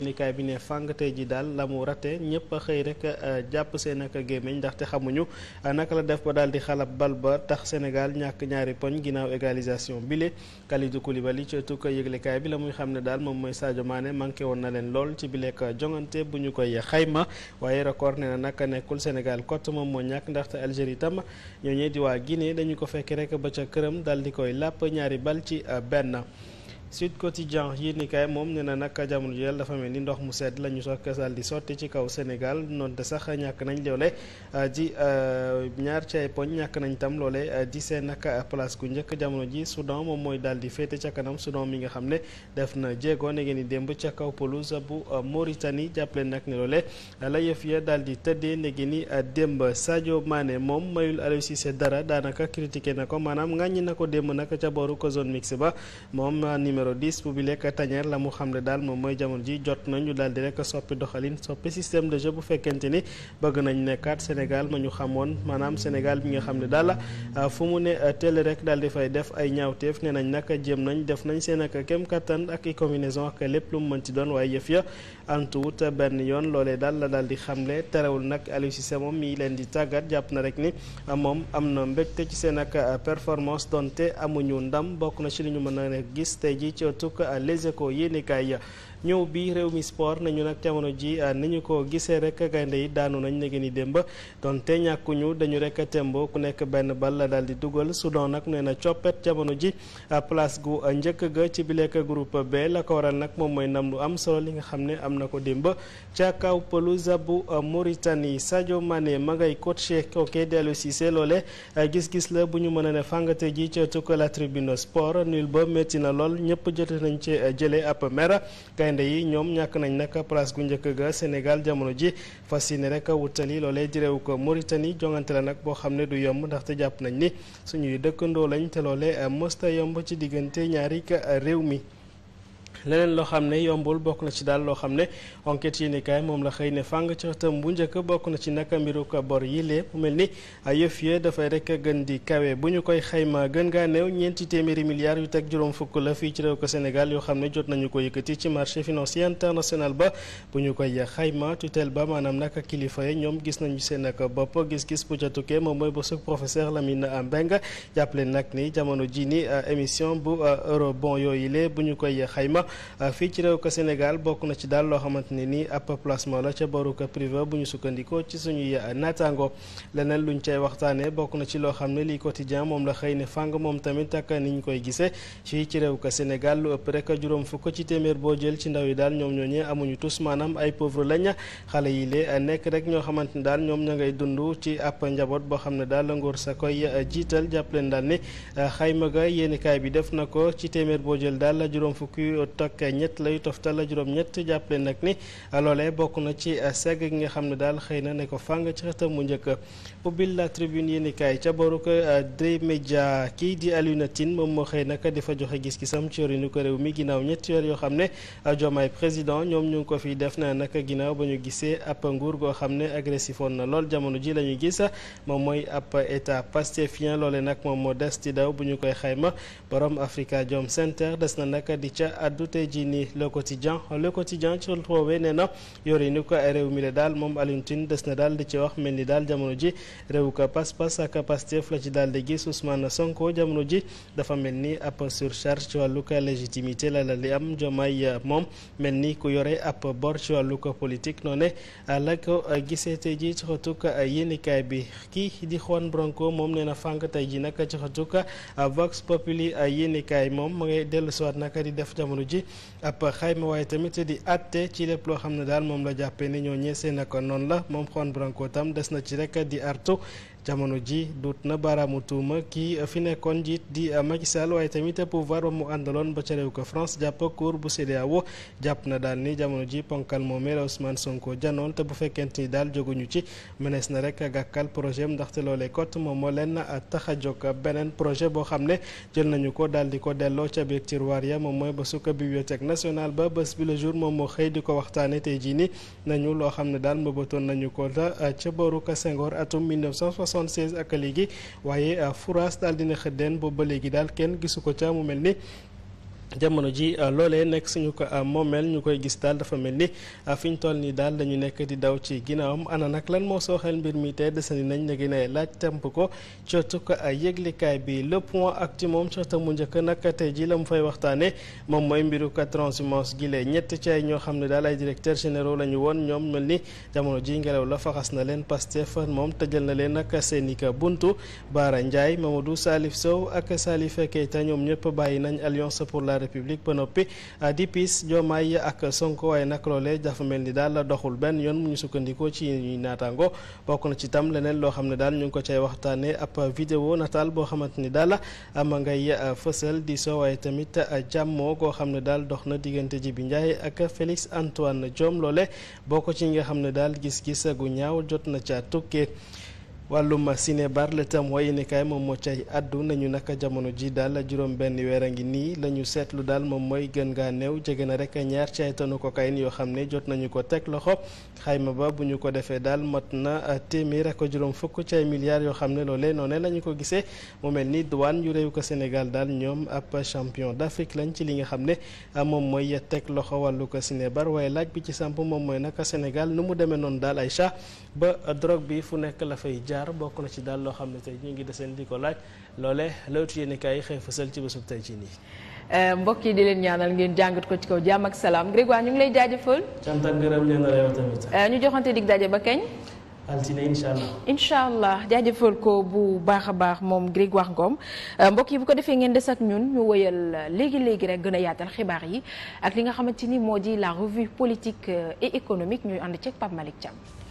nikaay bi ne fàng tey ji daal la mu rate ñëpp xëy rek euh, jàpp seen ak gémmiñ ndaxte xamuñu euh, naka la def ba daal di xalab bal ba tax Sénégal ñàkk ñaari poñ ginnaaw égalisation bile Kalidou Koulibaly ci tukka yëglekaay bi la muy xam ne daal moom mooy Sadio Mané manqué woon na leen lool ci bileek jongante bu ñu koy xayma waaye record ne na naka nekkul Sénégal cote moom moo ñàkk ndaxte Algérie tam ñoo di waa Guinée dañu ko fekk rek ba ca këram daal di koy làpp ñaari bal ci euh, benn Sud Quotidien yéenekaay moom ne na nag jamono ji dafa mel ni ndox mu sedd la ñu soog daal di sotti ci kaw Sénégal noonte sax ñàkk nañ loole ah, ji ah, ñaar ci ñàkk nañ tam loole di ah, seen nag place ku njëkk jamono ji Soudan moom mooy daal di féete ca kanam Soudan mi nga xam ne def na jéego ne ngeen di démb ca kaw pelouse bu Mauritanie jàppale nag ne loole la yëf ya daal di tëddee ne ngeen di démb Sadio maane moom mayul Aliou Cissé dara daanaka critiqué na ko maanaam ŋàññi na ko démb nag ca booru ko zone ba numéro 10 bu bi lekk tañeer la mu xam ne daal moom mooy jamono ji jot nañu daal rek soppi doxalin soppi système de jeu bu fekkente ni bëgg nañ nekkaat Sénégal ma ñu xamoon maanaam Sénégal bi nga xam ne daal ah, fu mu ne ah, télé rek daal fay def ay ñaawteef nee nañ jéem nañ def nañ seen ak kem kattan ak i combinaison ak lépp lu mu mën doon waaye yëf ya antuwut benn yoon loolee daal la daal di xamle terewul nag Aliou Cissé moom mi leen di tàggat jàpp ah, a ci ëttug Les Échos yéenekaay ñëw bi réew mi sport nañu nag jamono ji euh, ni ñu ko gisee rek gaynde yi daanu nañ léegi ni démb te ñàkkuñu dañu rek tembo ku nekk benn bal daal di dugal Soudan nag nee na coppet jamono ji euh, place gu euh, njëkk ga ci bileek groupe B la ko waral nag moom mooy ndam lu am solo li nga xam ne am na ko démb ca kaw pelouse bu Mauritanie Sadio Mané ma ngay coaché kooke dellu Cissé loole gis-gis la bu ñu mën a ne fàngate ji ca tukka la tribune sport nul ba métti na lool ñëpp jot nañ ci jële ab mer gaynde yi ñoom ñàkk nañ nag place gu njëkk ga Sénégal jamono ji fas yéene rek wutali loolee jërewu ko Mauritanie jongante la nag boo xam ne du yomb ndaxte jàpp nañ ni suñuy dëkkandoo lañ te loolee mësta yomb ci diggante ñaari réew mi leneen loo xam ne yombul bokk na ci daal loo xam ne enquête yi ni moom la xëy ne fàng ca tëm bu njëkk bokk na ci naka mbiru ko bor yi lépp mu mel ni yëf ya dafay rek gën di kawe bu ñu koy xayma gën ngaa néew ñeenti téeméeri milliards yu teg juróom fukk la fii ci réew Sénégal yoo xam ne jot nañu ko yëkkati ci marché financier international ba bu ñu koy xayma tutelle ba maanaam naka kilifa yi ñoom gis nañu seen ak bopp gis-gis bu ca tukkee moom mooy bësug professeur Lamine Mbengue jàppale nag ni jamono ji ni euh, émission bu euh, eurobond yooyu le bu ñu koy xayma ba euh, fii ci réew ko Sénégal bokk na ci daal loo xamante ne nii ab placement la ca baruka privé bu ñu sukkandikoo ci suñuy euh, naataango leneen luñ cay waxtaanee bokk na ci loo xam ne lii quotidien moom la xëy ne fàng moom tamit ak ni ñu koy gisee fii ci réew ko Sénégal lu ëpp rek juróom fukk ci téeméer boo jël ci ndaw yi daal ñoom ñoo ñooñee amuñu tous maanaam ay pauvre lañ xale yi lee euh, nekk rek ñoo xamante ni daal ñoom ña ngay dund ci ab njaboot boo xam ne daal la nguur sa koy jiital jàpp leen daal ne xayma ga yéenikaay bi toog ñett lay toftal la juróom-ñett jàppale nag ni loolee bokk na ci segg gi nga xam ne daal xëy na ne ko fàng ci xëtam mu njëkk ubbil la tribune yéenikaay ca boru ko euh, Drey Media kii di Alioune Tine moom moo xëy naka di fa joxe gis-gisam ci yorinu ko réew mi ginnaaw ñetti weer yoo xam ne euh, Diomaye président ñoom ñu ngi ko fi def na naka ginnaaw ba ñu gisee ab nguur goo xam ne agressif woon na lool jamono ji la ñuy gis moom mooy ab état pastefien loole nag moom moo des di daw bu ñu koy xayma borom àddu tey jii nii le quotidien le quotidien ci woowee nee na yore ni ko réew mi la daal moom Alioune Tine des na daal di ci wax mel ni daal jamono ji réew ko pas-pas ak Pastef la ci daal di gis Ousmane Sonko jamono ji dafa mel ni ab surcharge ci wàllu ko légitimité la la li am Diomaye euh, moom mel ni ku yore ab bor ci wàllu ko politique noonu euh, la ko euh, tey ji ci xëtuk yéenikaay bi ki di Juan Branco moom nee na tey ji nag ci xëtuk Vox Populi yéenikaay moom ji ab ma waaye tamit di atte ci lépp loo xam ne daal moom la jàppee ni ñoo ñeesee naka noon la moom xon Branco tam des na ci rek di artu jamono ji duut na baaraamu tuuma kii fi nekkoon njiit di Macky Sall waaye tamit pouvoir ba mu àndaloon ba cerewu ko France jàpp cour bu CEDEAO jàpp na daal ni jamono ji ponkal moomee la Ousmane Sonko janoon te bu fekkente ni daal jóguñu ci mënees na rek gàkkal projet am ndaxte loolee kot moom moo leen tax a jóg beneen projet boo xam ne jël nañu ko daal di ko delloo ca biir tiroir ya moom mooy ba sukk bibliothèque nationale ba bés bi la jour moom moo xëy di ko waxtaane tey jii ni nañu loo xam ne daal mbëbatoon nañu ko la ca booru Senghor atum 1960 1976 ak léegi waaye euh, Fouras daal dina xëddeen boobu ba léegi daal kenn gisu ko ca mu mel ni jamono ji euh, loolee nekk suñu ko euh, mel ñu koy gis daal dafa mel ni euh, fi ñu toll nii daal dañu nekk di daw ci ginnaawam ana nag lan moo sooxal mbir mi te desandi nañ ne gën a laaj temp ko cootu ko yëglikaay bi le point ak ci moom cootu mu njëkk nag tey jii la mu fay waxtaanee moom mooy mbiru ko transhumance gi lee ñett ci ay ñoo xam ne daal ay directeurs généraux lañu ñu woon ñoom mel ni jamono ji ngelaw la faxas na leen Pastef moom tëjal na leen ak seen i buntu Baara Ndiaye Mamadou Salif Sow ak Salif Keita ñoom ñëpp bàyyi nañ alliance pour république ba noppi euh, di piis Diomaye ak sonk waaye nag loolee dafa mel ni daal doxul benn yoon mu ñu sukkandikoo ci ñuy bokk na ci tam leneen loo xam ne daal ñu ngi ko cay waxtaanee ab vidéo nataal boo xamante ni daal a ngay euh, fësal di soo waaye tamit euh, jàmmoo koo xam ne daal dox na diggante Jibi Ndiaye ak Félix Antoine Diome loole bokk ci nga xam ne daal gis-gis gu ñaaw jot na ca tukkee wàllum cinébar la tam waaye yéenekaay moom moo cay addu nañu naka jamono ji daal juróom benn weer a ngi nii la ñu seetlu daal moom mooy gën ngaa néew jege na rek ñaar ci ko tonu cocaïne yoo xam ne jot nañu ko teg loxo xayma ba bu ñu ko defee daal mat na téeméer ak juróom fukk ci ay milliards yoo xam ne loolee noonu la ñu ko gisee mu mel ni douane yu réew ko Sénégal daal ñoom ab champion d'Afrique lañ ci li nga xam ne moom mooy teg loxo wàllu ko cinébar waaye laaj bi ci samp moom mooy naka Sénégal nu mu demee noonu daal ay ba drogue Dakar bokk na ci daal loo xam ne tey ñu ngi deseen di ko laaj loole lawtu yéen kaay yi xëy fësal ci eh, mbokk yi di leen ñaanal ngeen jàngat ko ci kaw jàmm ak salaam Grégoire ñu ngi lay jaajëfal cant ak gërëm leen la tamit eh, ñu joxante dig daje ba kañ altine incha allah allah jaajëfal ko bu baax a baax moom Grégoire Ngom eh, mbokk yi bu ko defee ngeen des ak ñun ñu woyal léegi léegi rek gën a yaatal xibaar yi ak li nga xamante ni moo di la revue politique et économique ñuy ànd ceeg Pape Malick Thiam